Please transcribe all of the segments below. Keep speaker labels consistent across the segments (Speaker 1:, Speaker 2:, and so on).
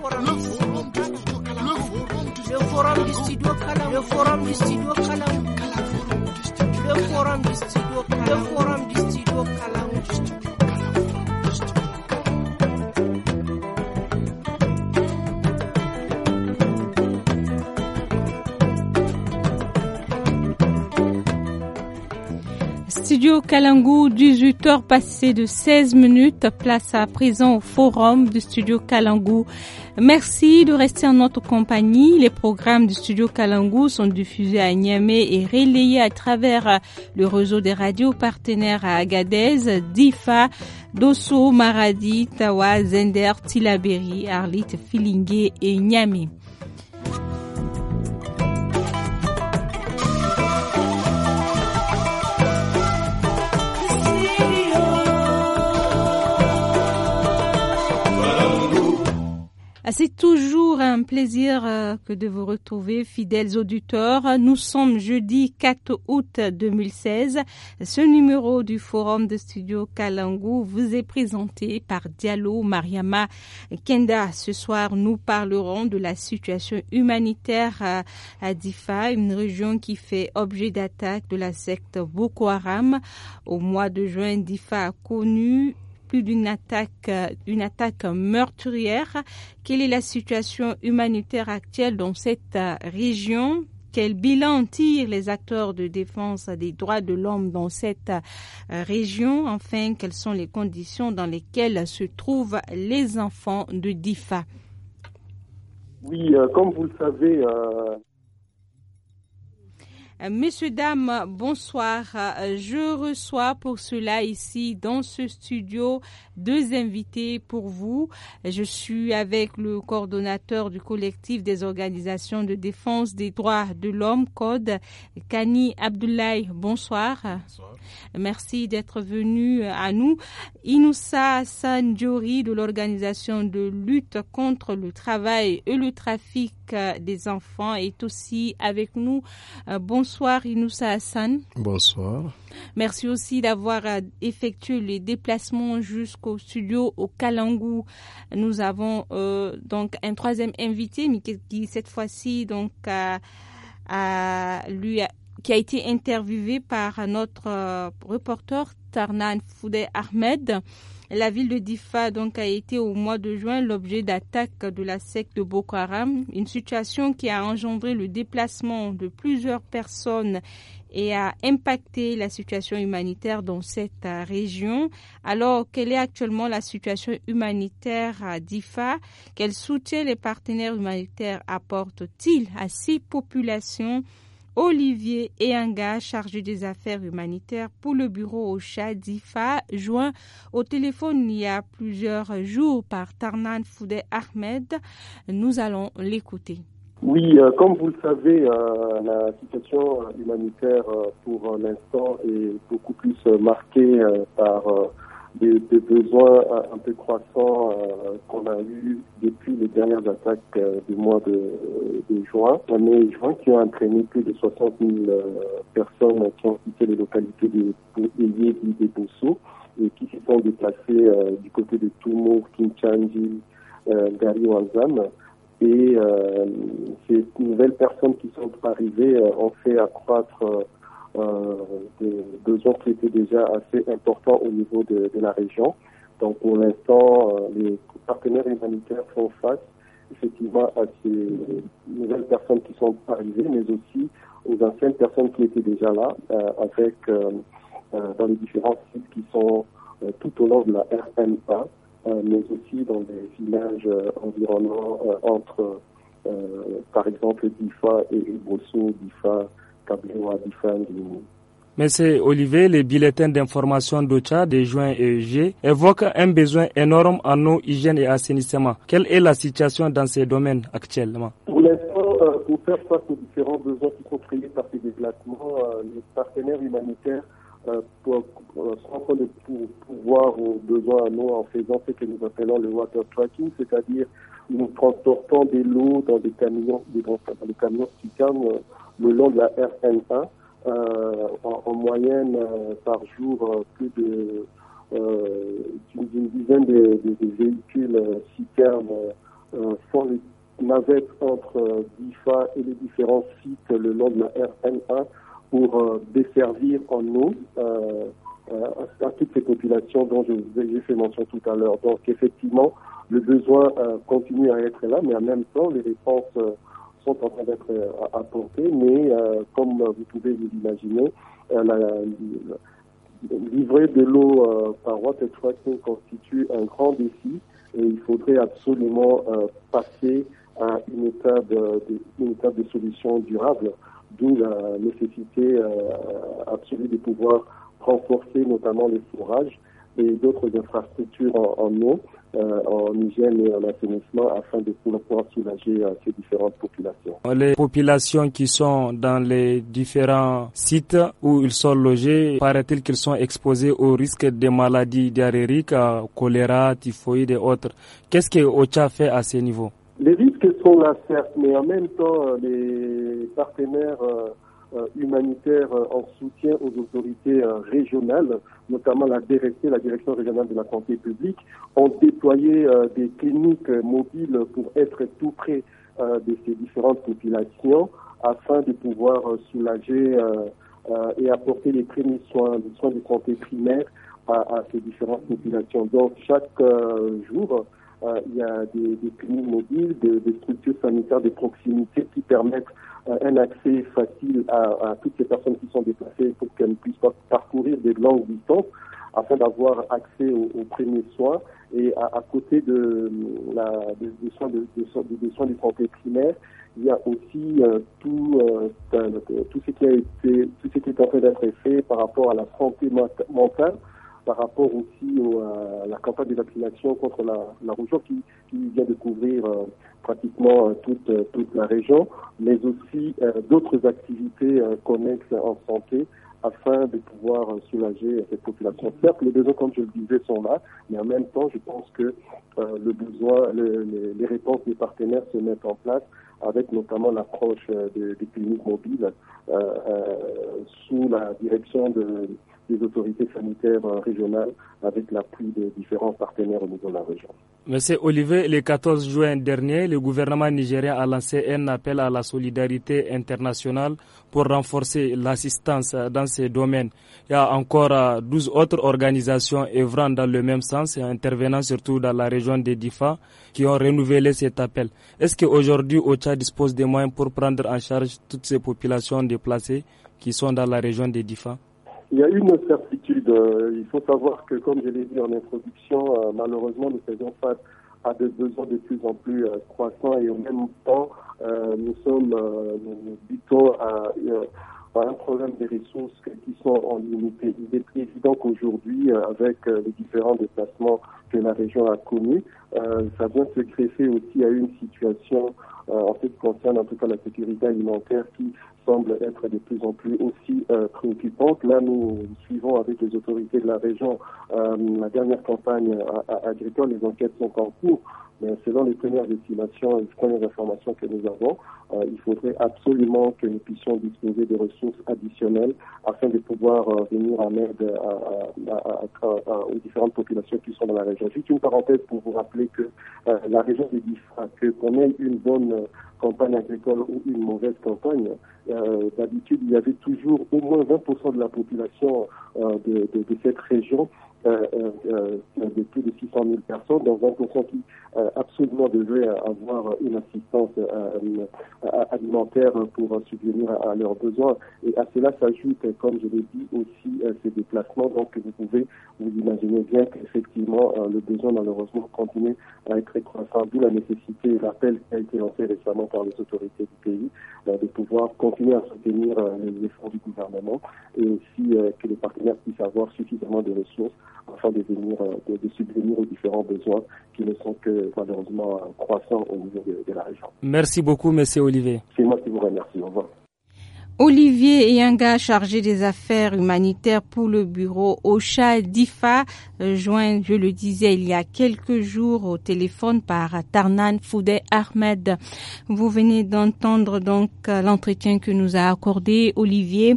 Speaker 1: forum du studio Calam, le forum du studio Calam, le forum du studio Calam, le forum du studio Calam. studio Kalangou, 18h passées de 16 minutes, place à présent au forum du studio Kalangou. Merci de rester en notre compagnie. Les programmes du studio Kalangou sont diffusés à Niamey et relayés à travers le réseau des radios partenaires à Agadez, Difa, Dosso, Maradi, Tawa, Zender, Tilaberi, Arlit, Filingué et Niamey. Ah, c'est toujours un plaisir euh, que de vous retrouver, fidèles auditeurs. Nous sommes jeudi 4 août 2016. Ce numéro du forum de studio Kalangu vous est présenté par Diallo Mariama Kenda. Ce soir, nous parlerons de la situation humanitaire euh, à Difa, une région qui fait objet d'attaque de la secte Boko Haram. Au mois de juin, Difa a connu plus d'une attaque, euh, une attaque meurtrière. Quelle est la situation humanitaire actuelle dans cette euh, région quel bilan tirent les acteurs de défense des droits de l'homme dans cette euh, région Enfin, quelles sont les conditions dans lesquelles se trouvent les enfants de DIFA
Speaker 2: Oui, comme vous le savez,
Speaker 1: euh, messieurs, dames, bonsoir. Euh, je reçois pour cela ici dans ce studio deux invités pour vous. Je suis avec le coordonnateur du collectif des organisations de défense des droits de l'homme, CODE, Kani Abdoulaye. Bonsoir. Bonsoir. Merci d'être venu euh, à nous. Inoussa Sanjori de l'organisation de lutte contre le travail et le trafic euh, des enfants est aussi avec nous. Euh, bonsoir Inoussa Hassan.
Speaker 3: Bonsoir.
Speaker 1: Merci aussi d'avoir effectué les déplacements jusqu'au studio au Kalangou. Nous avons donc un troisième invité, mais qui, cette fois-ci donc a, lui qui a été interviewé par notre euh, reporter Tarnan Foudé Ahmed. La ville de Difa donc a été au mois de juin l'objet d'attaques de la secte de Boko Haram, une situation qui a engendré le déplacement de plusieurs personnes et a impacté la situation humanitaire dans cette euh, région. Alors, quelle est actuellement la situation humanitaire à Difa Quel soutien les partenaires humanitaires apportent-ils à ces populations Olivier Eyanga, chargé des affaires humanitaires pour le bureau au Chad d'IFA, joint au téléphone il y a plusieurs jours par Tarnan Foudé Ahmed. Nous allons l'écouter.
Speaker 2: Oui, euh, comme vous le savez, euh, la situation humanitaire euh, pour l'instant est beaucoup plus marquée par des, besoins euh, un peu croissants euh, qu'on a eu depuis les dernières attaques euh, du mois de, de juin, la mai juin, qui ont entraîné plus de 60 000 personnes qui ont quitté les localités de des et Bosso et qui se sont déplacées du côté de Toumour, Kinchanji, Gary Et ces nouvelles personnes qui sont arrivées ont fait accroître euh, gens qui étaient déjà assez importants au niveau de, la région. Donc pour l'instant, euh, les partenaires humanitaires font face effectivement à ces nouvelles personnes qui sont arrivées, mais aussi aux anciennes personnes qui étaient déjà là, euh, avec euh, dans les différents sites qui sont tout au long de la RMA, mais aussi dans les villages environnants entre, par exemple, Bifa et Bosso, Bifa
Speaker 4: mais c'est Olivier, les bulletin d'information d'OCHA de juin et juillet évoquent un besoin énorme en eau, hygiène et assainissement. Quelle est la situation dans ces domaines actuellement Pour l'instant, euh, pour faire
Speaker 2: face aux différents besoins qui sont créés par ces déplacements, euh, les partenaires humanitaires euh, sont pour, train de pouvoir aux besoins en eau en faisant ce que nous appelons le water tracking, c'est-à-dire nous transportons des l'eau dans des camions, des camions qui le long de la RN1, euh, en, moyenne euh, par jour, euh, plus de d'une dizaine de, véhicules citernes font les navettes entre DIFA et les différents sites le long de la RN1 pour desservir en eau à, toutes ces populations dont j'ai fait mention tout à l'heure. Donc effectivement, le besoin continue à être là, mais en même temps, les réponses sont en train d'être euh, apportés, mais euh, comme vous pouvez vous l'imaginer, euh, livrer de l'eau par water tracking constitue un grand défi et il faudrait absolument passer à une étape de, une étape solution durable, d'où la nécessité absolue de pouvoir renforcer notamment les forages et d'autres infrastructures en eau euh, en hygiène et en assainissement afin de pouvoir soulager euh, ces différentes populations.
Speaker 4: Les populations qui sont dans les différents sites où ils sont logés, paraît-il qu'ils sont exposés au risque des maladies diarrhéiques, euh, choléra, typhoïde et autres. Qu'est-ce que OCHA fait à ce niveau
Speaker 2: Les risques sont là, certes, mais en même temps, euh, les partenaires euh, humanitaire euh, en soutien aux autorités euh, régionales, notamment la DRC, la Direction régionale de la santé publique, ont déployé des cliniques mobiles pour être tout près de ces différentes populations afin de pouvoir soulager et apporter les premiers soins, les soins de santé primaire à, ces différentes populations. Donc chaque jour, il y a des, cliniques mobiles, des, des structures sanitaires de proximité qui permettent euh, un accès facile à, toutes ces personnes qui sont déplacées pour qu'elles puissent parcourir des longues distances afin d'avoir accès aux, premiers soins et à, côté de euh, la, des, soins de, soins de santé primaire, il y a aussi euh, tout, tout ce qui a été tout ce qui est en train d'être fait par rapport à la santé mentale par rapport aussi euh, à la campagne de vaccination contre la, la qui, vient de couvrir euh, pratiquement euh, toute, toute la région, mais aussi d'autres activités connexes en santé afin de pouvoir soulager cette population. Certes, les besoins, comme je le disais, sont là, mais en même temps, je pense que le besoin, les, réponses des partenaires se mettent en place avec notamment l'approche des, cliniques mobiles sous la direction de, des autorités sanitaires euh, régionales avec l'appui des différents partenaires au niveau de la région.
Speaker 4: Monsieur Olivier, le 14 juin dernier, le gouvernement nigérien a lancé un appel à la solidarité internationale pour renforcer l'assistance dans ces domaines. Il y a encore 12 euh, autres organisations œuvrant dans le même sens et intervenant surtout dans la région des DIFA qui ont renouvelé cet appel. Est-ce qu'aujourd'hui, OCHA dispose des moyens pour prendre en charge toutes ces populations
Speaker 2: déplacées
Speaker 4: qui sont dans la région des DIFA
Speaker 2: il y a une certitude. Euh, il faut savoir que, comme je l'ai dit en introduction, euh, malheureusement, nous faisons face à des besoins de plus en plus euh, croissants et au même temps, nous sommes, nous, à, un problème des ressources qui sont en limité. Il est évident qu'aujourd'hui, avec les différents déplacements que la région a connue. Euh, ça vient se greffer aussi à une situation euh, en ce qui concerne en tout cas la sécurité alimentaire qui semble être de plus en plus aussi euh, préoccupante. Là, nous suivons avec les autorités de la région euh, la dernière campagne agricole. Les enquêtes sont en cours selon les premières estimations et les premières informations que nous avons, euh, il faudrait absolument que nous puissions disposer de ressources additionnelles afin de pouvoir euh, venir en aide à, à, aux différentes populations qui sont dans la région. Juste une parenthèse pour vous rappeler que euh, la région de Bifra, que qu'on ait une bonne campagne agricole ou une mauvaise campagne, d'habitude, il y avait toujours au moins 20% de la population de cette région euh, euh, euh, de plus de 600 000 personnes, donc 20% qui absolument devraient avoir une assistance alimentaire pour subvenir à, leurs besoins. Et à cela s'ajoute, comme je l'ai dit, aussi ces déplacements. Donc vous pouvez, vous imaginez bien qu'effectivement, le besoin malheureusement continue à être croissant, d'où la nécessité l'appel qui a été lancé récemment par les autorités du pays de pouvoir continuer à soutenir les efforts du gouvernement et aussi que les partenaires puissent avoir suffisamment de ressources afin euh, de, subvenir aux différents besoins qui ne sont que malheureusement croissants au niveau de, de la région.
Speaker 4: Merci beaucoup, Monsieur Olivier.
Speaker 2: C'est moi qui vous remercie. Au revoir.
Speaker 1: Olivier gars chargé des affaires humanitaires pour le bureau OCHA DIFA, joint, je le disais, il y a quelques jours au téléphone par Tarnan Foudet Ahmed. Vous venez d'entendre donc euh, l'entretien que nous a accordé Olivier.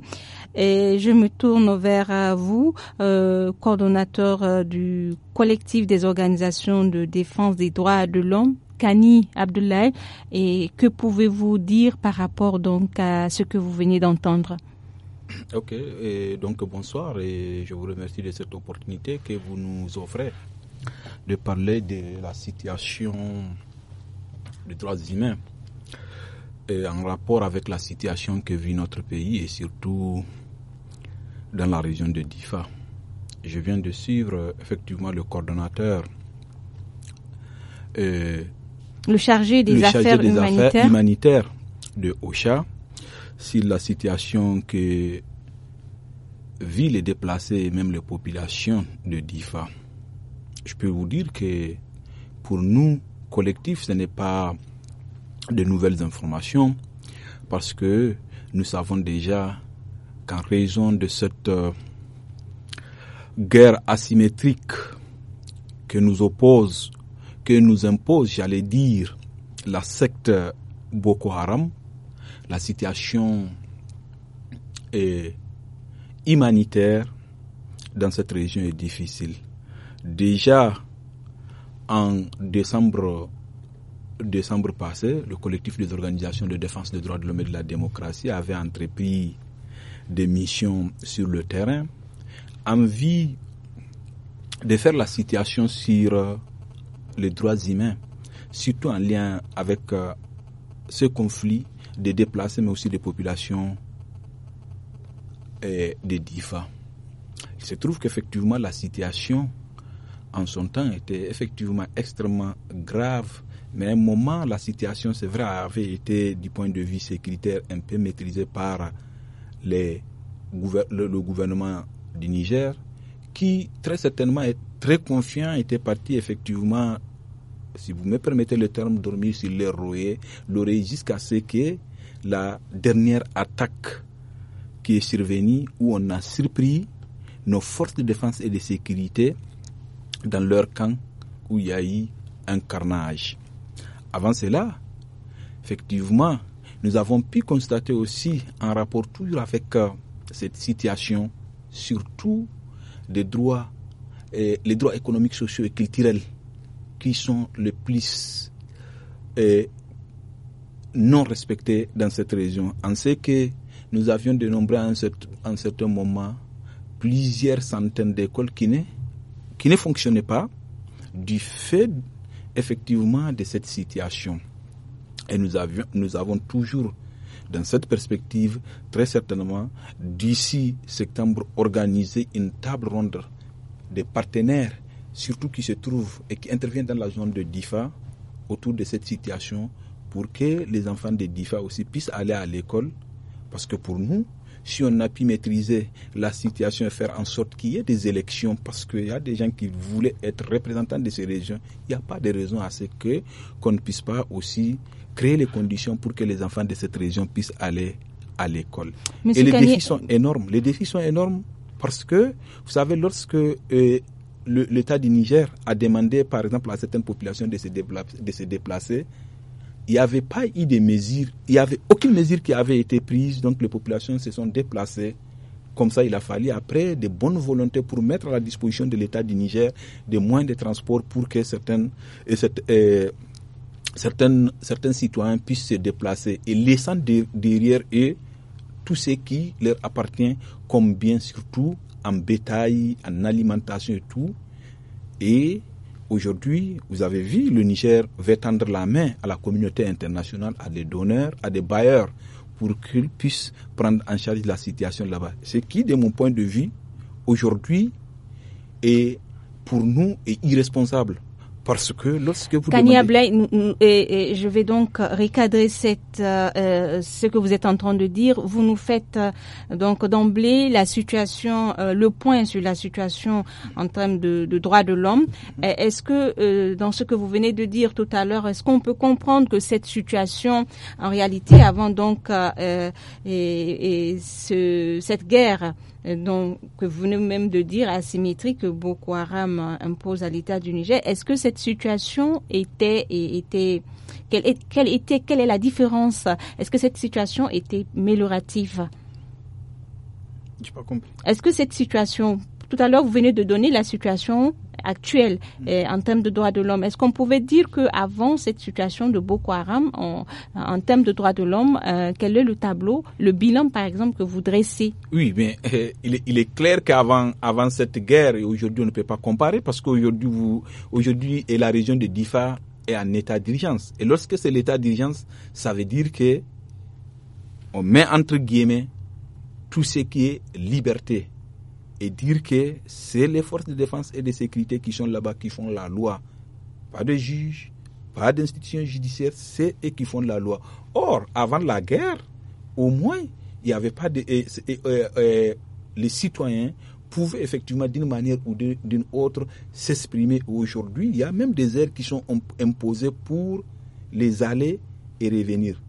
Speaker 1: Et je me tourne vers euh, vous, euh, coordonnateur du collectif des organisations de défense des droits de l'homme, Kani Abdoulaye. Et que pouvez-vous dire par rapport donc à ce que vous venez d'entendre
Speaker 5: Ok, donc bonsoir et je vous remercie de cette opportunité que vous nous offrez de parler de la situation des droits humains en rapport avec la situation que vit notre pays et surtout dans la région de Difa. Je viens de suivre effectivement le coordonnateur euh, le chargé des, affaires, humanitaires. de OCHA sur la situation que vivent les déplacés et même les populations de DIFA. Je peux vous dire que pour nous, collectifs, ce n'est pas de nouvelles informations parce que nous savons déjà qu'en raison de cette euh, guerre asymétrique que nous oppose que nous impose, j'allais dire, la secte Boko Haram, la situation eh, humanitaire dans cette région est difficile. Déjà en décembre, décembre passé, le collectif des organisations de défense des droits de l'homme et de la démocratie avait entrepris des missions sur le terrain en vue de faire la situation sur euh, les droits humains, surtout en lien avec euh, ce conflit des déplacés, mais aussi des populations et des DIFA. Il se trouve qu'effectivement la situation en son temps était effectivement extrêmement grave, mais à un moment la situation, c'est vrai, avait été du point de vue sécuritaire un peu maîtrisée par les, le, le gouvernement du Niger, qui très certainement est très confiants, étaient partis effectivement, si vous me permettez le terme, dormir sur les royers, jusqu'à ce que la dernière attaque qui est survenue, où on a surpris nos forces de défense et de sécurité dans leur camp, où il y a eu un carnage. Avant cela, effectivement, nous avons pu constater aussi, en rapport toujours avec euh, cette situation, surtout des droits les droits économiques, sociaux et culturels qui sont les plus euh, non respectés dans cette région. On sait que nous avions dénombré en un, certain, moment plusieurs centaines d'écoles qui ne, fonctionnaient pas du fait effectivement de cette situation. Et nous, avions, nous avons toujours, dans cette perspective, très certainement, d'ici septembre, organisé une table ronde des partenaires, surtout qui se trouvent et qui interviennent dans la zone de DIFA autour de cette situation pour que les enfants de DIFA aussi puissent aller à l'école. Parce que pour nous, si on a pu maîtriser la situation et faire en sorte qu'il y ait des élections, parce qu'il y a des gens qui voulaient être représentants de ces régions, il n'y a pas de raison à ce que qu'on ne puisse pas aussi créer les conditions pour que les enfants de cette région puissent aller à l'école. Et les défis sont énormes. Les défis sont énormes parce que, vous savez, lorsque euh, l'État du Niger a demandé, par exemple, à certaines populations de se, déplacer, il n'y avait pas eu de mesures, il n'y avait aucune mesure qui avait été prise, donc les populations se sont déplacées. Comme ça, il a fallu après des bonnes volontés pour mettre à la disposition de l'État du Niger des moyens de transport pour que certaines, euh, et euh, certaines, certains citoyens puissent se déplacer et laissant derrière eux tout ce qui leur appartient comme bien surtout en bétail, en alimentation et tout. Et aujourd'hui, vous avez vu, le Niger va tendre la main à la communauté internationale, à des donneurs, à des bailleurs, pour qu'ils puissent prendre en charge la situation là-bas. Ce qui, de mon point de vue, aujourd'hui, est pour nous est irresponsable. Parce que lorsque vous
Speaker 1: et, je vais donc recadrer cette, euh, euh, ce que vous êtes en train de dire. Vous nous faites euh, donc d'emblée la situation, le point sur la situation en termes de, droits de l'homme. Mm-hmm. Est-ce que dans ce que vous venez de dire tout à l'heure, est-ce qu'on peut comprendre que cette situation, en réalité, avant donc et, ce, cette guerre euh, donc, que vous venez même de dire, asymétrie que Boko Haram hein, impose à l'État du Niger. Est-ce que cette situation était, était, quelle est, était, quelle est la différence? Est-ce que cette situation était améliorative? Est-ce que cette situation tout à l'heure, vous venez de donner la situation actuelle mm. euh, en termes de droits de l'homme. Est-ce qu'on pouvait dire qu'avant cette situation de Boko Haram, en termes de droits de l'homme, euh, quel est le tableau, le bilan par exemple que vous dressez
Speaker 5: Oui, mais euh, il, est, clair qu'avant avant cette guerre et aujourd'hui on ne peut pas comparer parce qu'aujourd'hui aujourd'hui et la région de Difa est en état d'urgence. Et lorsque c'est l'état d'urgence, ça veut dire que on met entre guillemets tout ce qui est liberté et dire que c'est les forces de défense et de sécurité qui sont là-bas, qui font la loi. Pas de juges, pas d'institutions judiciaires, c'est eux qui font la loi. Or, avant la guerre, au moins, il n'y avait pas de... Euh, euh, les citoyens pouvaient effectivement d'une manière ou d'une autre s'exprimer. Aujourd'hui, il y a même des aires qui sont imposées pour les aller et revenir,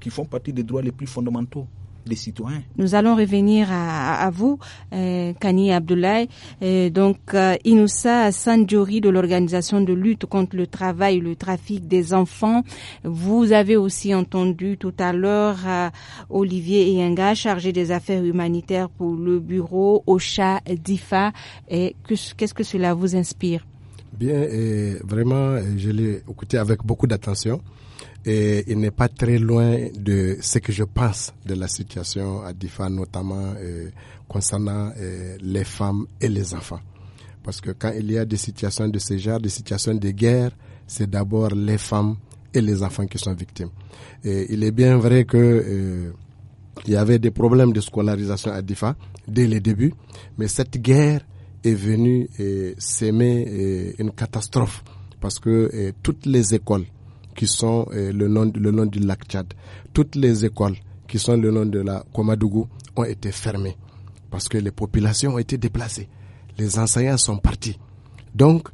Speaker 5: qui font partie des droits les plus fondamentaux les citoyens.
Speaker 1: Nous allons revenir à, vous, euh, Kani Abdoulaye. Euh, donc, euh, Inoussa Sandjori de l'organisation de lutte contre le travail et le trafic des enfants. Vous avez aussi entendu tout à l'heure euh, Olivier Iyenga, chargé des affaires humanitaires pour le bureau OCHA DIFA. Qu'est-ce que cela vous inspire
Speaker 3: Bien, vraiment, je l'ai écouté avec beaucoup d'attention et il n'est pas très loin de ce que je pense de la situation à Difa, notamment euh, concernant euh, les femmes et les enfants. Parce que quand il y a des situations de ce genre, des situations de guerre, c'est d'abord les femmes et les enfants qui sont victimes. Et il est bien vrai que euh, il y avait des problèmes de scolarisation à Difa dès le début, mais cette guerre est venue et s'aimer une catastrophe parce que toutes les écoles qui sont euh, le, nom le nom du lac Tchad. Toutes les écoles qui sont le nom de la Komadougou ont été fermées parce que les populations ont été déplacées. Les enseignants sont partis. Donc,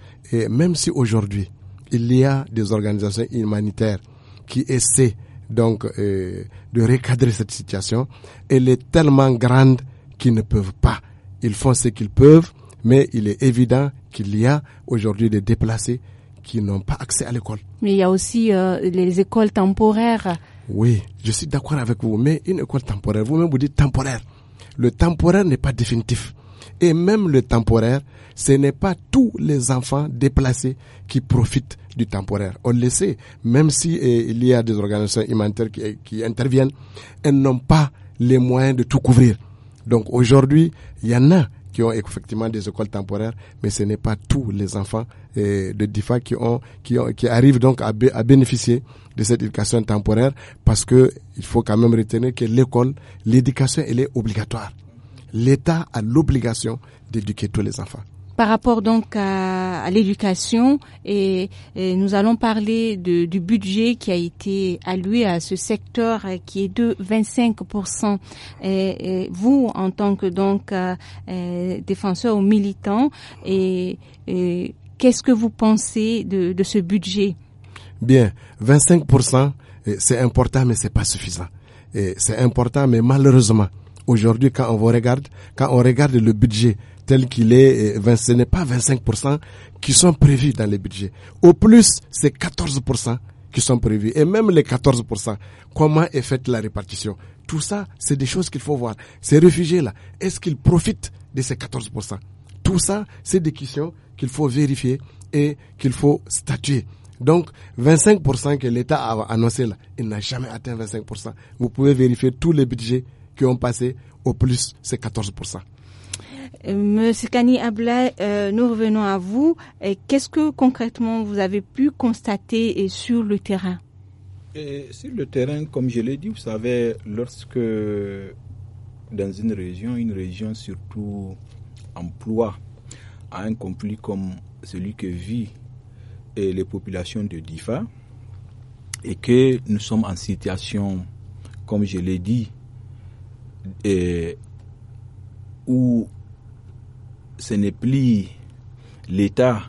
Speaker 3: même si aujourd'hui, il y a des organisations humanitaires qui essaient donc euh, de recadrer cette situation, elle est tellement grande qu'ils ne peuvent pas. Ils font ce qu'ils peuvent, mais il est évident qu'il y a aujourd'hui des déplacés qui n'ont pas accès à l'école.
Speaker 1: Mais il y a aussi euh, les écoles temporaires.
Speaker 3: Oui, je suis d'accord avec vous, mais une école temporaire, vous-même vous dites temporaire. Le temporaire n'est pas définitif. Et même le temporaire, ce n'est pas tous les enfants déplacés qui profitent du temporaire. On le sait, même si eh, il y a des organisations humanitaires qui, qui interviennent, elles n'ont pas les moyens de tout couvrir. Donc aujourd'hui, il y en a qui ont effectivement des écoles temporaires, mais ce n'est pas tous les enfants euh, de DIFA qui ont, qui ont, qui arrivent donc à, à bénéficier de cette éducation temporaire parce que il faut quand même retenir que l'école, l'éducation, elle est obligatoire. L'État a l'obligation d'éduquer tous les enfants.
Speaker 1: Par rapport donc à, l'éducation, et, nous allons parler de, du budget qui a été alloué à ce secteur qui est de 25 et, Vous, en tant que donc euh, euh, défenseur ou militant, et, qu'est-ce que vous pensez de, de ce budget
Speaker 3: Bien, 25 c'est important, mais c'est pas suffisant. C'est important, mais malheureusement, aujourd'hui, quand on regarde, quand on regarde le budget tel qu'il est, ce n'est pas 25% qui sont prévus dans les budgets. Au plus, c'est 14% qui sont prévus. Et même les 14%, comment est faite la répartition Tout ça, c'est des choses qu'il faut voir. Ces réfugiés-là, est-ce qu'ils profitent de ces 14% Tout ça, c'est des questions qu'il faut vérifier et qu'il faut statuer. Donc, 25% que l'État a annoncé là, il n'a jamais atteint 25%. Vous pouvez vérifier tous les budgets qui ont passé, au plus, c'est 14%.
Speaker 1: Monsieur Kani Ablai, euh, nous revenons à vous. Qu'est-ce que concrètement vous avez pu constater euh, sur le terrain
Speaker 5: euh, Sur le terrain, comme je l'ai dit, vous savez, lorsque dans une région, une région surtout emploi à un conflit comme celui que vit les populations de Difa, et que nous sommes en situation, comme je l'ai dit, et où ce n'est plus l'État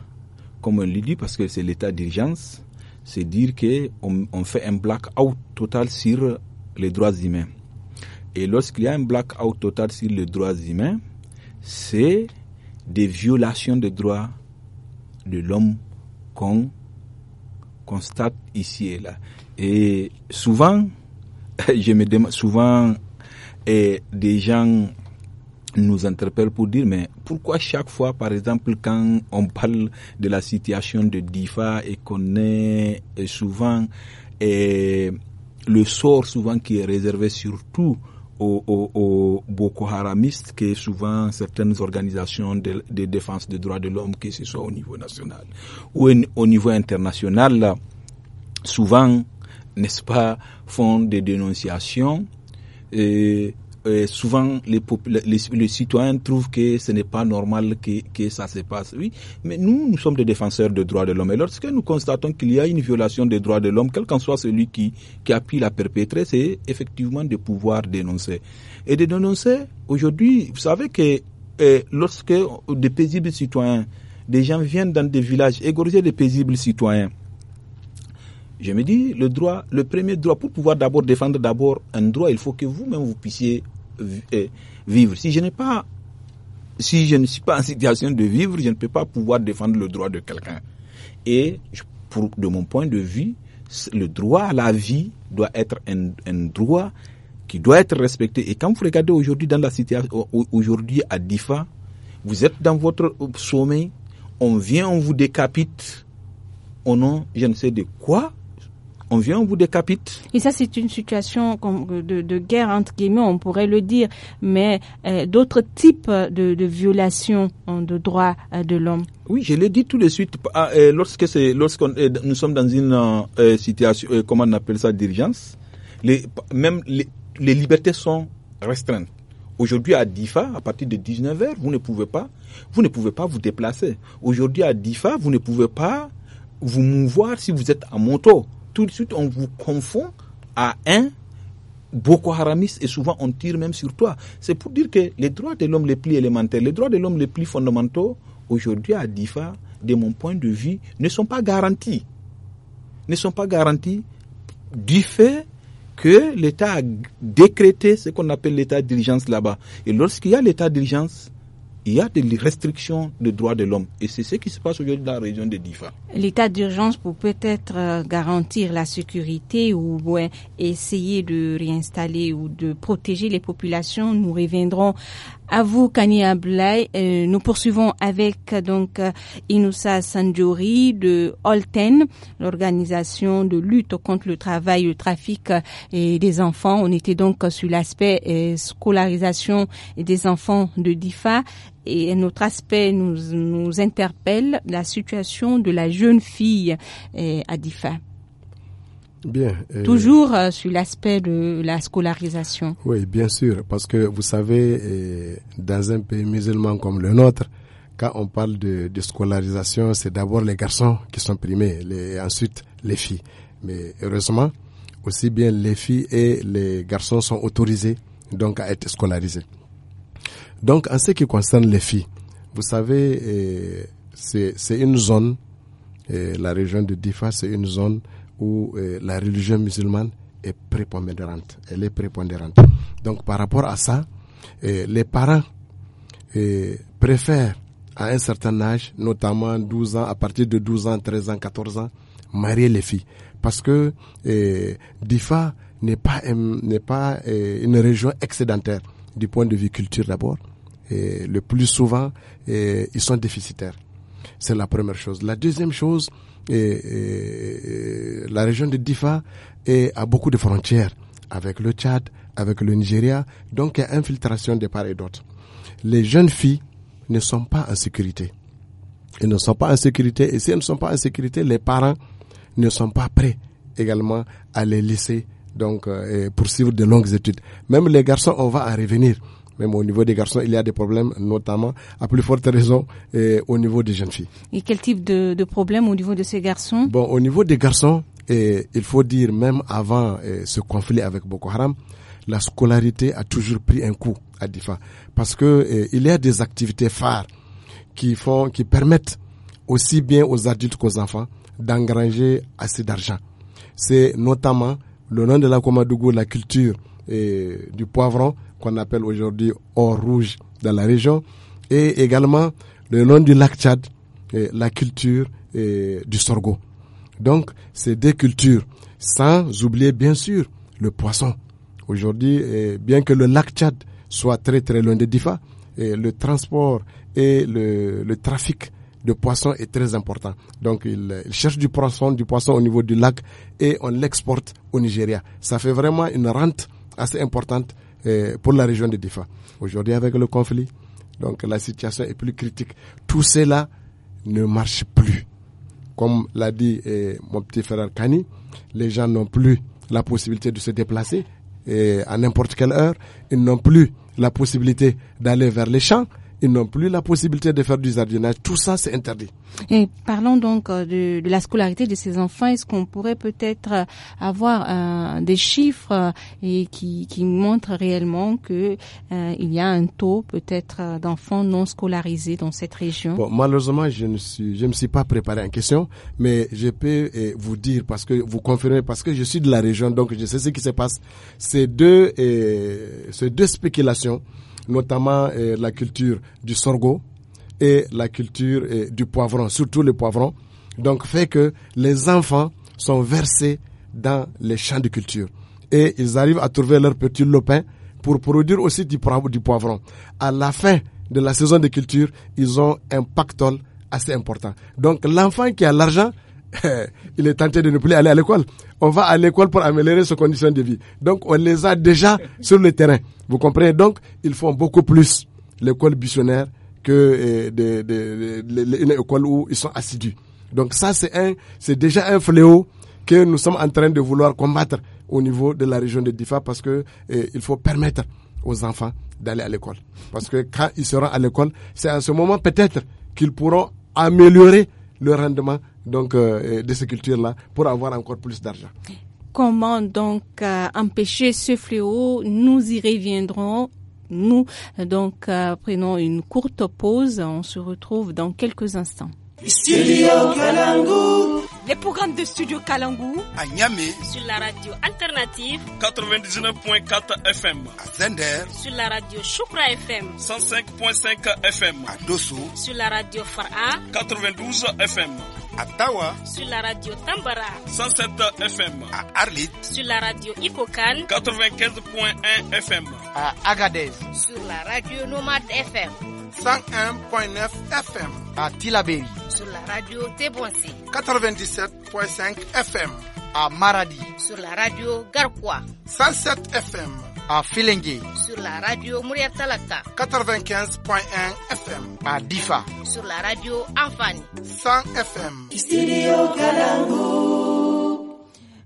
Speaker 5: comme on le dit parce que c'est l'État d'urgence, c'est dire que on, fait un blackout total sur les droits humains. Et lorsqu'il y a un blackout total sur les droits humains, c'est des violations des droits de l'homme qu'on constate ici et là. Et souvent, je me demande souvent, des gens nous interpelle pour dire mais pourquoi chaque fois, par exemple, quand on parle de la situation de Difa et qu'on est souvent et le sort souvent qui est réservé surtout aux, Boko Haramistes, que souvent certaines organisations de, de défense des droits de l'homme, que ce soit au niveau national ou au niveau international, souvent, n'est-ce pas, font des dénonciations. Et euh, souvent les, citoyens trouvent que ce n'est pas normal que, ça se passe. Oui, mais nous, nous sommes des défenseurs des droits de l'homme. Et lorsque nous constatons qu'il y a une violation des droits de l'homme, quel qu'en soit celui qui, qui a pu la perpétrer, c'est effectivement de pouvoir dénoncer. Et de dénoncer, aujourd'hui, vous savez que euh, lorsque des paisibles citoyens, des gens viennent dans des villages égorger des paisibles citoyens, je me dis, le droit, le premier droit, pour pouvoir d'abord défendre d'abord un droit, il faut que vous-même vous puissiez eh, vivre. Si je n'ai pas, si je ne suis pas en situation de vivre, je ne peux pas pouvoir défendre le droit de quelqu'un. Et pour, de mon point de vue, le droit à la vie doit être un, un droit qui doit être respecté. Et quand vous regardez aujourd'hui dans la situation, aujourd'hui à Difa, vous êtes dans votre sommeil, on vient, on vous décapite au nom, je ne sais de quoi, on vient, on vous décapite.
Speaker 1: Et ça, c'est une situation de, guerre, entre guillemets, on pourrait le dire, mais euh, d'autres types de, violations hein, de droits euh, de l'homme.
Speaker 5: Oui, je l'ai dit tout de suite. Ah, euh, lorsque nous sommes dans une situation, comment on appelle ça, d'urgence, les, même les, libertés sont restreintes. Aujourd'hui à Difa, à partir de 19h, vous ne pouvez pas, vous ne pouvez pas vous déplacer. Aujourd'hui à Difa, vous ne pouvez pas vous mouvoir si vous êtes à moto tout de suite, on vous confond à un Boko Haramiste et souvent on tire même sur toi. C'est pour dire que les droits de l'homme les plus élémentaires, les droits de l'homme les plus fondamentaux, aujourd'hui à DIFA, de mon point de vue, ne sont pas garantis. Ne sont pas garantis du fait que l'État a décrété ce qu'on appelle l'état d'urgence là-bas. Et lorsqu'il y a l'état d'urgence, il y a des restrictions de droits de l'homme. Et c'est ce qui se passe aujourd'hui dans la région de Difa.
Speaker 1: L'état d'urgence pour peut-être euh, garantir la sécurité ou essayer de réinstaller ou de protéger les populations, nous reviendrons à vous, Kani Ablay. Euh, nous poursuivons avec euh, donc Inoussa Sandjori de Holten, l'organisation de lutte contre le travail, le trafic des enfants. On était donc sur l'aspect scolarisation des enfants de DIFA et un aspect nous, interpelle, la situation de la jeune fille à eh, Difa. Bien. Euh, Toujours euh, sur l'aspect de la scolarisation.
Speaker 3: Oui, bien sûr, parce que vous savez, euh, dans un pays musulman comme le nôtre, quand on parle de, scolarisation, c'est d'abord les garçons qui sont primés, et ensuite les filles. Mais heureusement, aussi bien les filles et les garçons sont autorisés donc à être scolarisés. Donc, en ce qui concerne les filles, vous savez, euh, c'est une zone, euh, la région de Difa, c'est une zone où euh, la religion musulmane est prépondérante. Elle est prépondérante. Donc, par rapport à ça, les parents préfèrent à un certain âge, notamment 12 ans, à partir de 12 ans, 13 ans, 14 ans, marier les filles. Parce que Difa n'est pas, pas une région excédentaire du point de vue culture d'abord. Et le plus souvent, ils sont déficitaires. C'est la première chose. La deuxième chose, la région de Difa a beaucoup de frontières avec le Tchad, avec le Nigeria, donc il y a infiltration de part et d'autre. Les jeunes filles ne sont pas en sécurité. Elles ne sont pas en sécurité et si elles ne sont pas en sécurité, les parents ne sont pas prêts également à les laisser donc euh, poursuivre de longues études. Même les garçons, on va en revenir. Même au niveau des garçons, il y a des problèmes, notamment, à plus forte raison, et au niveau des jeunes filles.
Speaker 1: Et quel type de, de problème au niveau de ces garçons
Speaker 3: Bon, au niveau des garçons, et il faut dire, même avant ce conflit avec Boko Haram, la scolarité a toujours pris un coup à Difa. Parce que il y a des activités phares qui font, qui permettent aussi bien aux adultes qu'aux enfants d'engranger assez d'argent. C'est notamment le nom de la Comadougou, la culture du poivron, qu'on appelle aujourd'hui or rouge dans la région, et également le nom du lac Tchad, la culture du sorgho. Donc, c'est des cultures, sans oublier bien sûr le poisson. Aujourd'hui, bien que le lac Tchad soit très très loin de Difa, et le transport et le trafic de poisson est très important. Donc ils, cherchent du poisson, du poisson au niveau du lac et on l'exporte au Nigeria. Ça fait vraiment une rente assez importante euh, pour la région de Difa. Aujourd'hui, avec le conflit, donc la situation est plus critique. Tout cela ne marche plus. Comme l'a dit euh, mon petit frère Kani, les gens n'ont plus la possibilité de se déplacer euh, à n'importe quelle heure. Ils n'ont plus la possibilité d'aller vers les champs ils n'ont plus la possibilité de faire du jardinage. Tout ça, c'est interdit.
Speaker 1: Et parlons donc euh, de, de, la scolarité de ces enfants. Est-ce qu'on pourrait peut-être euh, avoir euh, des chiffres et qui, qui montrent réellement que il y a un taux peut-être d'enfants non scolarisés dans cette région bon,
Speaker 3: Malheureusement, je ne suis, je me suis pas préparé en question, mais je peux vous dire parce que vous confirmez parce que je suis de la région, donc je sais ce qui se passe. Ces deux, ces deux spéculations notamment euh, la culture du sorgho et la culture euh, du poivron, surtout le poivron. Donc, fait que les enfants sont versés dans les champs de culture et ils arrivent à trouver leur petit lopin pour produire aussi du poivron. À la fin de la saison de culture, ils ont un pactole assez important. Donc, l'enfant qui a l'argent, il est tenté de ne plus aller à l'école. On va à l'école pour améliorer ses conditions de vie. Donc, on les a déjà sur le terrain. Vous comprenez Donc, ils font beaucoup plus l'école missionnaire que euh, une école où ils sont assidus. Donc, ça, c'est un, c'est déjà un fléau que nous sommes en train de vouloir combattre au niveau de la région de Difa parce que euh, il faut permettre aux enfants d'aller à l'école. Parce que quand ils seront à l'école, c'est à ce moment peut-être qu'ils pourront améliorer le rendement donc, euh, de ces cultures-là pour avoir encore plus d'argent.
Speaker 1: Comment donc euh, empêcher ce fléau Nous y reviendrons. Nous, donc, euh, prenons une courte pause. On se retrouve dans quelques instants les programmes de Studio Kalangou à Niamey sur la radio alternative
Speaker 4: 99.4 FM à Zender sur
Speaker 1: la radio Choukra FM
Speaker 5: 105.5 FM à Dosso sur
Speaker 1: la radio Fara
Speaker 5: 92 FM à Tawa
Speaker 1: sur la radio Tambara
Speaker 5: 107 FM à
Speaker 4: Arlit sur
Speaker 5: la radio Ipokan.
Speaker 4: 95.1 FM
Speaker 5: à Agadez
Speaker 1: sur la radio Nomad FM 101.9 FM
Speaker 5: à Tilaberi sur la radio Tebonsi 97 107.5 FM à Maradi. Sur la radio Garquois 107 FM
Speaker 3: à Filengue.
Speaker 5: Sur la radio
Speaker 1: Mouriatalata. 95.1 FM à Difa. Sur la radio Anfani. 100 FM. Studio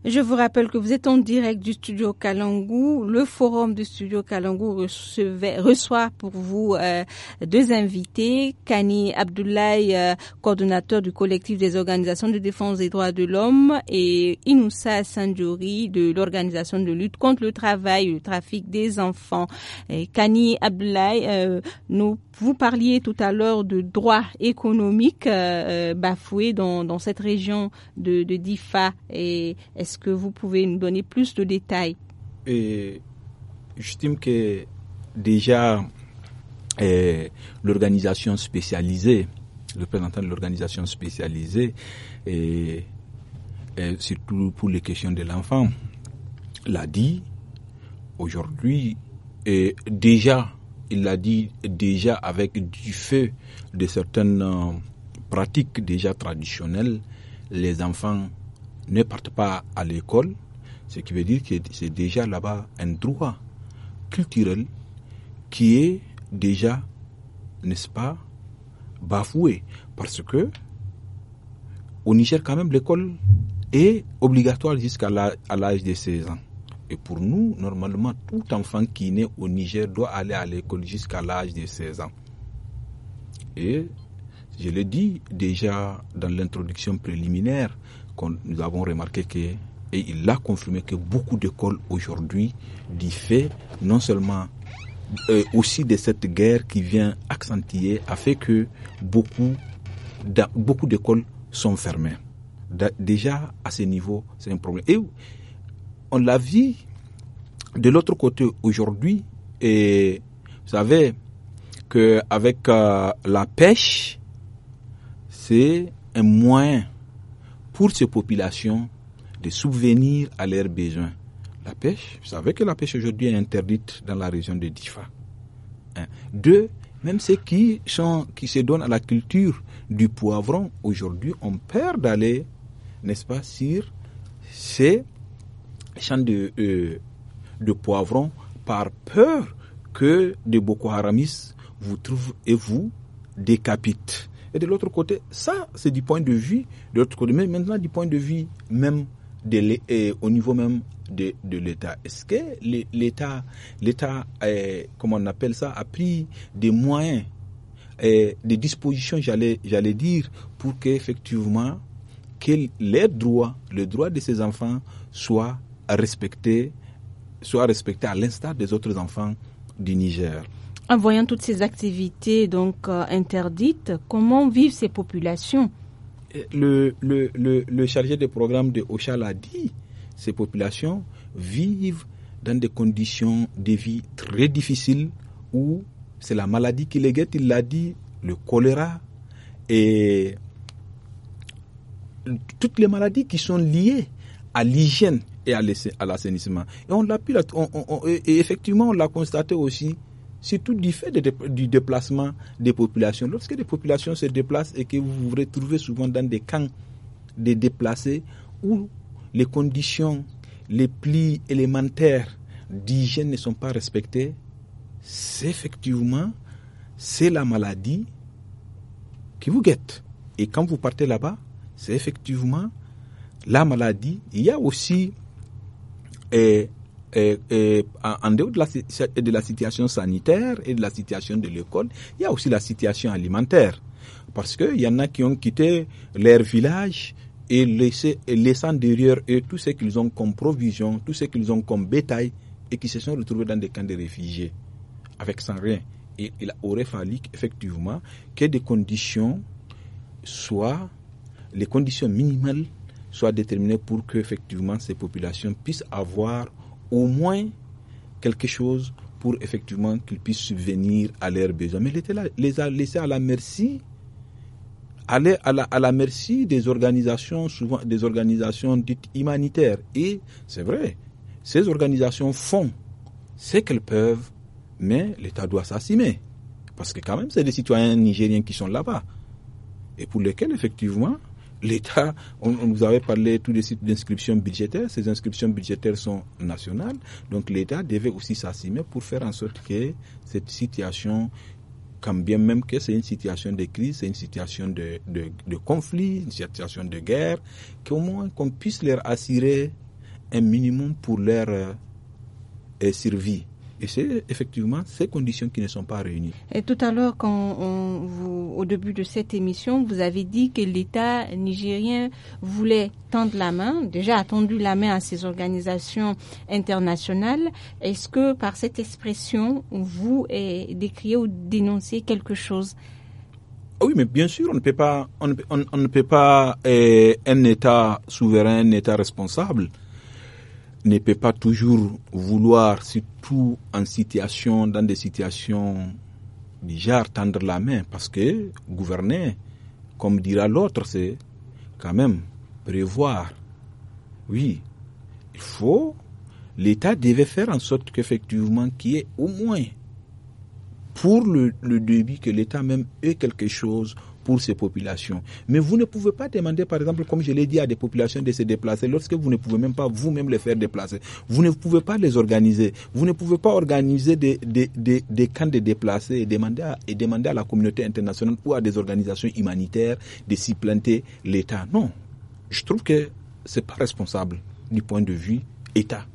Speaker 1: je vous rappelle que vous êtes en direct du studio Kalangou. Le forum du studio Kalangou reçoit pour vous euh, deux invités. Kani Abdoulaye, euh, coordonnateur du collectif des organisations de défense des droits de l'homme et Inoussa Sanjouri de l'organisation de lutte contre le travail et le trafic des enfants. Kani Abdoulaye, euh, nous, vous parliez tout à l'heure de droits économiques bafoués dans, cette région de, Difa. Et est-ce que vous pouvez nous donner plus de détails
Speaker 5: J'estime que déjà eh, l'organisation spécialisée, le présentant de l'organisation spécialisée, et, eh, eh, surtout pour les questions de l'enfant, l'a dit aujourd'hui, et déjà, il l'a dit déjà avec du feu de certaines euh, pratiques déjà traditionnelles, les enfants ne partent pas à l'école, ce qui veut dire que c'est déjà là-bas un droit culturel qui est déjà, n'est-ce pas, bafoué. Parce que au Niger, quand même, l'école est obligatoire jusqu'à l'âge de 16 ans. Et pour nous, normalement, tout enfant qui naît au Niger doit aller à l'école jusqu'à l'âge de 16 ans. Et je l'ai dit déjà dans l'introduction préliminaire, nous avons remarqué que, et il l'a confirmé, que beaucoup d'écoles aujourd'hui, du fait non seulement euh, aussi de cette guerre qui vient accentuer, a fait que beaucoup, beaucoup d'écoles sont fermées. Déjà, à ce niveau, c'est un problème. Et on l'a vu de l'autre côté aujourd'hui, et vous savez qu'avec avec euh, la pêche, c'est un moyen pour ces populations de souvenirs à leurs besoins. La pêche, vous savez que la pêche aujourd'hui est interdite dans la région de Difa. Hein. Deux, même ceux qui, qui se donnent à la culture du poivron, aujourd'hui, ont peur d'aller, n'est-ce pas, sur ces champs de, euh, de poivrons par peur que des Boko Haramis vous trouvent et vous décapitent. Et de l'autre côté, ça, c'est du point de vue, de l'autre côté, mais maintenant, du point de vue même de eh, au niveau même de, l'État. Est-ce que l'État, l'État, eh, comment on appelle ça, a pris des moyens, eh, des dispositions, j'allais, j'allais dire, pour qu'effectivement, que les droits, le droit de ces enfants soient respecté soient respectés à l'instar des autres enfants du Niger
Speaker 1: en voyant toutes ces activités donc euh, interdites, comment vivent ces populations
Speaker 5: euh, le, chargé de programme de OCHA l'a dit, ces populations vivent dans des conditions de vie très difficiles où c'est la maladie qui les guette, il l'a dit, le choléra et toutes les maladies qui sont liées à l'hygiène et à l'assainissement. Et on l'a et effectivement, on l'a constaté aussi c'est tout du fait du déplacement des populations. Lorsque les populations se déplacent et que vous vous retrouvez souvent dans des camps de déplacés où les conditions, les plis élémentaires d'hygiène ne sont pas respectés, c'est effectivement, c'est la maladie qui vous guette. Et quand vous partez là-bas, c'est effectivement la maladie. Il y a aussi eh, et, en dehors de la, de la situation sanitaire et de la situation de l'école, il y a aussi la situation alimentaire. Parce qu'il y en a qui ont quitté leur village et, laissant derrière eux tout ce qu'ils ont comme provision, tout ce qu'ils ont comme bétail, et qui se sont retrouvés dans des camps de réfugiés, avec sans rien. Et il aurait fallu effectivement que des conditions soient, les conditions minimales soient déterminées pour que effectivement ces populations puissent avoir au moins quelque chose pour effectivement qu'ils puissent subvenir à leurs besoins. Mais l'État les a laissés à la merci, à la, à la, merci des organisations, souvent des organisations dites humanitaires. Et c'est vrai, ces organisations font ce qu'elles peuvent, mais l'État doit s'assumer. Parce que quand même, c'est des citoyens nigériens qui sont là-bas. Et pour lesquels, effectivement, l'État, on, vous avait parlé tout de suite d'inscriptions budgétaires. Ces inscriptions budgétaires sont nationales. Donc l'État devait aussi s'assumer pour faire en sorte que cette situation quand bien même que c'est une situation de crise, c'est une situation de, conflit, une situation de guerre, qu'au moins qu'on puisse leur assurer un minimum pour leur euh, euh, survie. Et c'est effectivement ces conditions qui ne sont pas réunies.
Speaker 1: Et tout à l'heure, quand vous, au début de cette émission, vous avez dit que l'État nigérien voulait tendre la main, déjà a tendu la main à ces organisations internationales. Est-ce que par cette expression, vous décriez ou dénoncez quelque chose
Speaker 5: ah oui, mais bien sûr, on ne peut pas, on, ne peut pas euh, un État souverain, un État responsable ne peut pas toujours vouloir, surtout en situation, dans des situations déjà tendre la main, parce que gouverner, comme dira l'autre, c'est quand même prévoir. Oui, il faut, l'État devait faire en sorte qu'effectivement, qu'il y ait au moins, pour le, débit que l'État même ait quelque chose pour ces populations. Mais vous ne pouvez pas demander, par exemple, comme je l'ai dit, à des populations de se déplacer lorsque vous ne pouvez même pas vous-même les faire déplacer. Vous ne pouvez pas les organiser. Vous ne pouvez pas organiser des, des, camps de déplacés et demander, à, et demander à la communauté internationale ou à des organisations humanitaires de s'y planter l'État. Non. Je trouve que ce n'est pas responsable du point de vue État.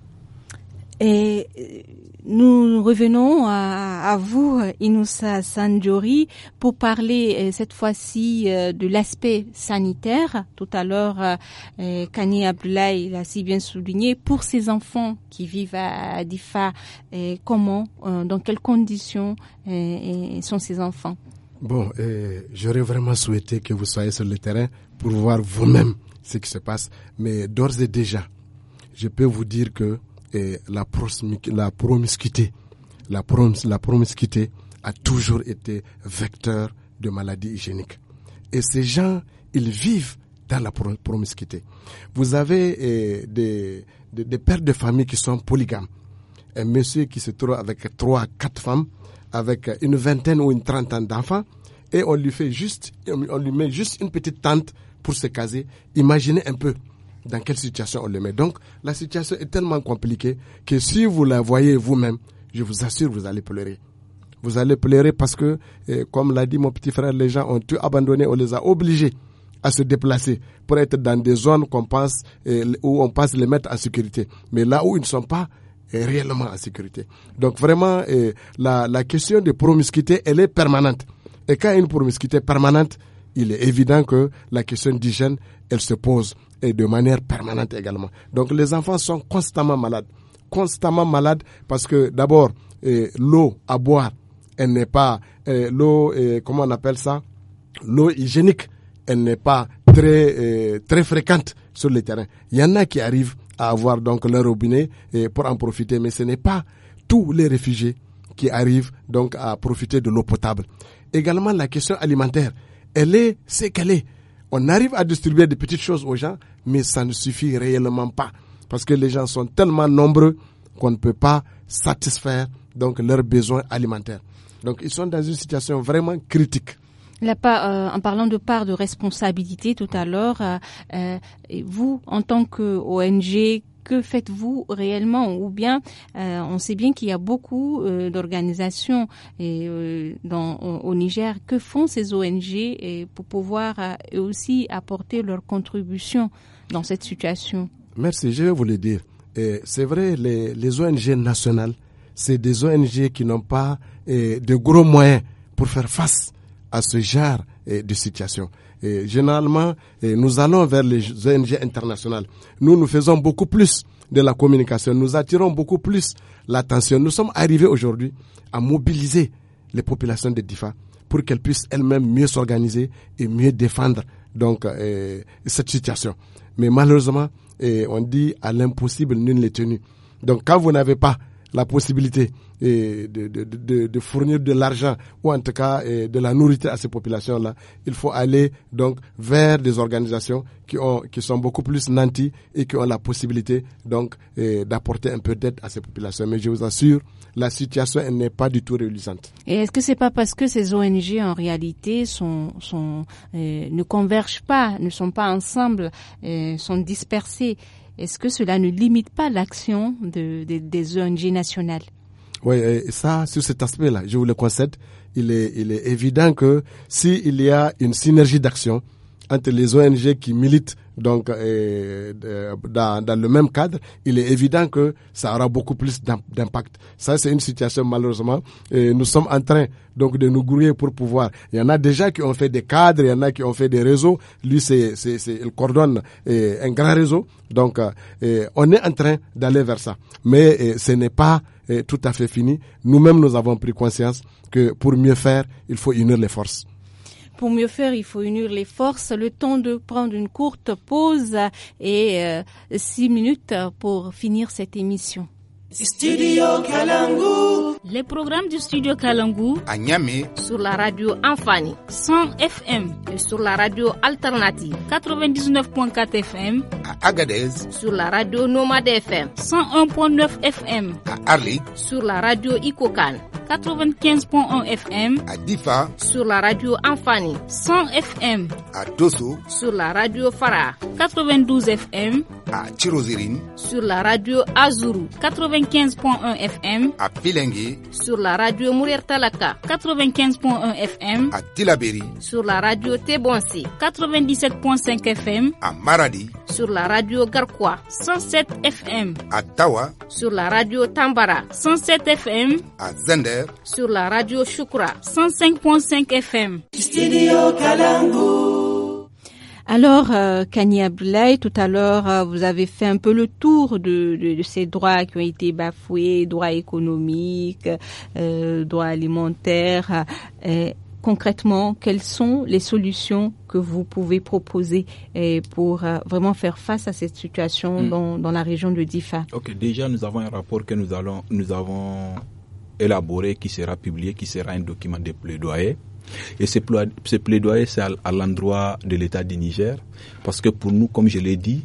Speaker 1: Et euh, nous revenons à, vous, Inoussa Sanjori, pour parler euh, cette fois-ci euh, de l'aspect sanitaire. Tout à l'heure, Kani Abdoulaye l'a si bien souligné. Pour ces enfants qui vivent à Difa, comment, dans quelles conditions sont ces enfants
Speaker 3: Bon, j'aurais vraiment souhaité que vous soyez sur le terrain pour voir vous-même ce qui se passe. Mais d'ores et déjà, je peux vous dire que et la, la promiscuité. La, la promiscuité a toujours été vecteur de maladies hygiéniques. Et ces gens, ils vivent dans la promiscuité. Vous avez eh, des, pères de famille qui sont polygames. Un monsieur qui se trouve avec trois quatre femmes, avec une vingtaine ou une trentaine d'enfants, et on lui fait juste, on lui met juste une petite tente pour se caser. Imaginez un peu dans quelle situation on les met. Donc, la situation est tellement compliquée que si vous la voyez vous-même, je vous assure, vous allez pleurer. Vous allez pleurer parce que, eh, comme l'a dit mon petit frère, les gens ont tout abandonné, on les a obligés à se déplacer pour être dans des zones qu'on eh, où on passe les mettre en sécurité. Mais là où ils ne sont pas, eh, réellement en sécurité. Donc vraiment, la, la question de promiscuité, elle est permanente. Et quand une promiscuité permanente, il est évident que la question d'hygiène, elle se pose et de manière permanente également. Donc les enfants sont constamment malades, constamment malades parce que d'abord eh, l'eau à boire, elle n'est pas eh, l'eau eh, comment on appelle ça, l'eau hygiénique, elle n'est pas très très fréquente sur les terrains. Il y en a qui arrivent à avoir donc leur robinet et pour en profiter, mais ce n'est pas tous les réfugiés qui arrivent donc à profiter de l'eau potable. Également la question alimentaire, elle est c'est qu'elle est on arrive à distribuer des petites choses aux gens, mais ça ne suffit réellement pas. Parce que les gens sont tellement nombreux qu'on ne peut pas satisfaire donc leurs besoins alimentaires. Donc ils sont dans une situation vraiment critique.
Speaker 1: La part, euh, en parlant de part de responsabilité tout à l'heure, euh, euh, vous, en tant qu'ONG que faites-vous réellement Ou bien, euh, on sait bien qu'il y a beaucoup euh, d'organisations euh, au Niger. Que font ces ONG pour pouvoir aussi apporter leur contribution dans cette situation
Speaker 3: Merci, je vais vous le dire. C'est vrai, les, les, ONG nationales, c'est des ONG qui n'ont pas eh, de gros moyens pour faire face à ce genre eh, de situation. Et généralement, nous allons vers les ONG internationales. Nous, nous faisons beaucoup plus de la communication. Nous attirons beaucoup plus l'attention. Nous sommes arrivés aujourd'hui à mobiliser les populations de DIFA pour qu'elles puissent elles-mêmes mieux s'organiser et mieux défendre donc euh, cette situation. Mais malheureusement, on dit à l'impossible nul n'est tenu. Donc quand vous n'avez pas la possibilité de, de, de, de fournir de l'argent ou en tout cas de la nourriture à ces populations-là, il faut aller donc vers des organisations qui, ont, qui sont beaucoup plus nantis et qui ont la possibilité donc d'apporter un peu d'aide à ces populations. Mais je vous assure, la situation n'est pas du tout réalisante.
Speaker 1: Et est-ce que c'est pas parce que ces ONG en réalité sont, sont, euh, ne convergent pas, ne sont pas ensemble, euh, sont dispersées est-ce que cela ne limite pas l'action des ONG nationales
Speaker 3: Oui, et ça, sur cet aspect-là, je vous le concède, il est, il est évident que s'il y a une synergie d'action, entre les ONG qui militent donc euh, euh, dans, le même cadre, il est évident que ça aura beaucoup plus d'impact. Ça, c'est une situation malheureusement. nous sommes en train donc de nous grouiller pour pouvoir. Il y en a déjà qui ont fait des cadres, il y en a qui ont fait des réseaux. Lui, c'est, il coordonne un grand réseau. Donc, euh, on est en train d'aller vers ça. Mais ce n'est pas tout à fait fini. Nous-mêmes, nous avons pris conscience que pour mieux faire, il faut unir les forces.
Speaker 1: Pour mieux faire, il faut unir les forces, le temps de prendre une courte pause et euh, six minutes pour finir cette émission. Studio Les programmes du Studio Kalangu à Niamey sur la radio Amphani 100 FM et sur la radio Alternative 99.4 FM
Speaker 3: à Agadez sur
Speaker 1: la radio Nomade FM 101.9 FM à Arlit sur la radio Ikokan 95.1 FM à Difa sur la radio Amphani 100 FM à Dosso sur la radio Farah 92 FM à
Speaker 3: Chirozirine
Speaker 1: sur la radio Azuru 95.1 FM à
Speaker 3: Pilengi
Speaker 1: sur la radio Mourir Talaka 95.1 FM à Tilaberi sur la radio Tebonsi 97.5 FM à Maradi sur la radio Garkwa 107 FM à Tawa sur la radio Tambara 107 FM à Zender sur la radio Shukra 105.5 FM. Alors, euh, Kania Blay, tout à l'heure, euh, vous avez fait un peu le tour de, ces droits qui ont été bafoués, droits économiques, euh, droits alimentaires. concrètement, quelles sont les solutions que vous pouvez proposer pour vraiment faire face à cette situation mm. dans, la région de Difa
Speaker 5: Ok, déjà nous avons un rapport que nous allons, nous avons élaboré, qui sera publié, qui sera un document de plaidoyer. Et ce plaidoyer, c'est à l'endroit de l'État du Niger, parce que pour nous, comme je l'ai dit,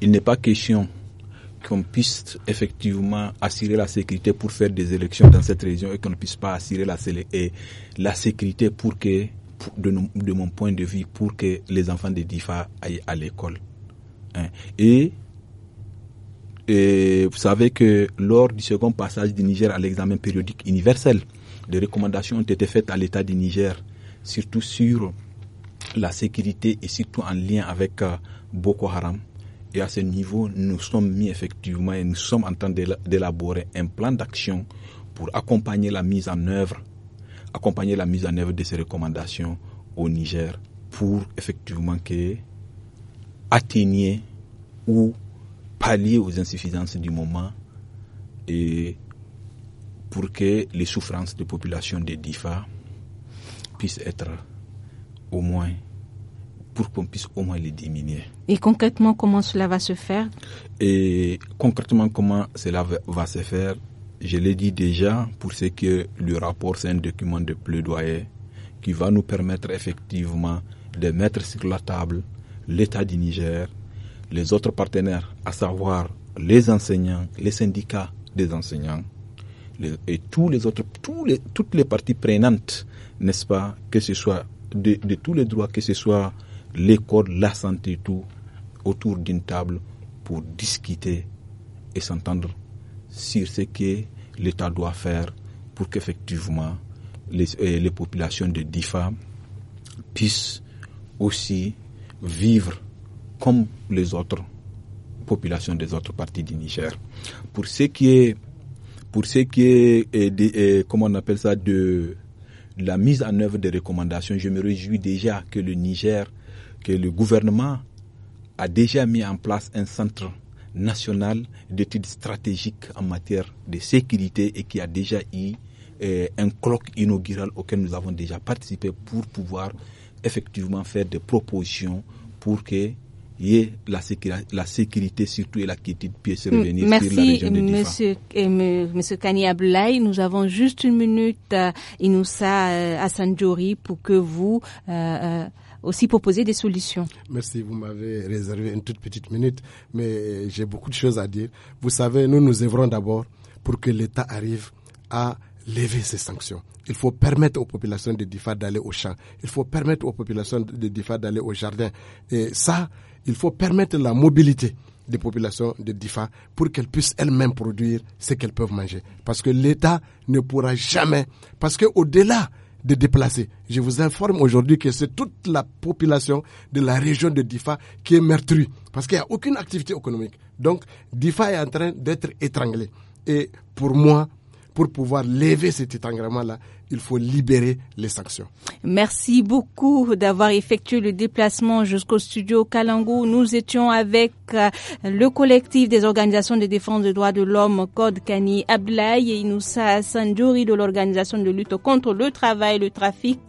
Speaker 5: il n'est pas question qu'on puisse effectivement assurer la sécurité pour faire des élections dans cette région et qu'on ne puisse pas assurer la, et la sécurité pour que, de, mon point de vue, pour que les enfants de DIFA aillent à l'école. Hein. Et et vous savez que lors du second passage du Niger à l'examen périodique universel, des recommandations ont été faites à l'État du Niger, surtout sur la sécurité et surtout en lien avec euh, Boko Haram. Et à ce niveau, nous sommes mis effectivement et nous sommes en train d'élaborer un plan d'action pour accompagner la mise en œuvre, accompagner la mise en œuvre de ces recommandations au Niger pour effectivement que atteigner ou pallier aux insuffisances du moment et pour que les souffrances des populations des DIFA puissent être au moins, pour qu'on puisse au moins les diminuer.
Speaker 1: Et concrètement, comment cela va se faire
Speaker 5: Et concrètement, comment cela va se faire Je l'ai dit déjà, pour ce que le rapport, c'est un document de plaidoyer qui va nous permettre effectivement de mettre sur la table l'état du Niger, les autres partenaires, à savoir les enseignants, les syndicats des enseignants et tous les autres, toutes les parties prenantes, n'est-ce pas, que ce soit de, tous les droits, que ce soit l'école, la santé, tout, autour d'une table pour discuter et s'entendre sur ce que l'État doit faire pour qu'effectivement les, euh, les populations de DIFA puissent aussi vivre comme les autres populations des autres parties du Niger. Pour ce qui est, pour ce qui est, de, on appelle ça, de, la mise en œuvre des recommandations, je me réjouis déjà que le Niger, que le gouvernement a déjà mis en place un centre national d'études stratégiques en matière de sécurité et qui a déjà eu eh, un cloque inaugural auquel nous avons déjà participé pour pouvoir effectivement faire des propositions pour que la, sécurité, surtout et la quiétude puisse mm, revenir Merci, sur la région de
Speaker 1: eh, Merci, M. Kani Nous avons juste une minute, à euh, Inoussa euh, pour que vous... Euh, aussi proposiez des solutions.
Speaker 3: Merci, vous m'avez réservé une toute petite minute, mais j'ai beaucoup de choses à dire. Vous savez, nous nous œuvrons d'abord pour que l'État arrive à lever ces sanctions. Il faut permettre aux populations de Difa d'aller au champ. Il faut permettre aux populations de Difa d'aller au jardin. Et ça, il faut permettre la mobilité des populations de DIFA pour qu'elles puissent elles-mêmes produire ce qu'elles peuvent manger. Parce que l'État ne pourra jamais, parce qu'au-delà de déplacer, je vous informe aujourd'hui que c'est toute la population de la région de DIFA qui est meurtrie, parce qu'il n'y a aucune activité économique. Donc DIFA est en train d'être étranglée. Et pour moi, pour pouvoir lever cet étanglement-là, il faut libérer les sanctions.
Speaker 1: Merci beaucoup d'avoir effectué le déplacement jusqu'au studio Kalangou. Nous étions avec euh, le collectif des organisations de défense des droits de l'homme, Code Kani Ablaye et Inoussa Sandouri de l'organisation de lutte contre le travail, et le trafic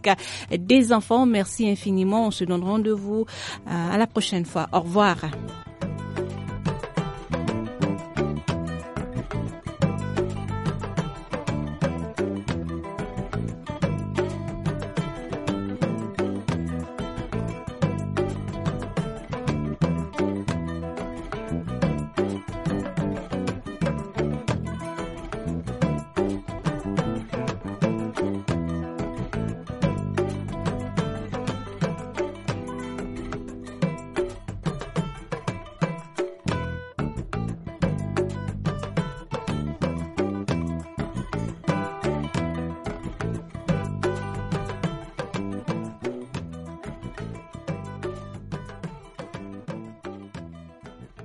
Speaker 1: des enfants. Merci infiniment. On se donne rendez-vous euh, à la prochaine fois. Au revoir.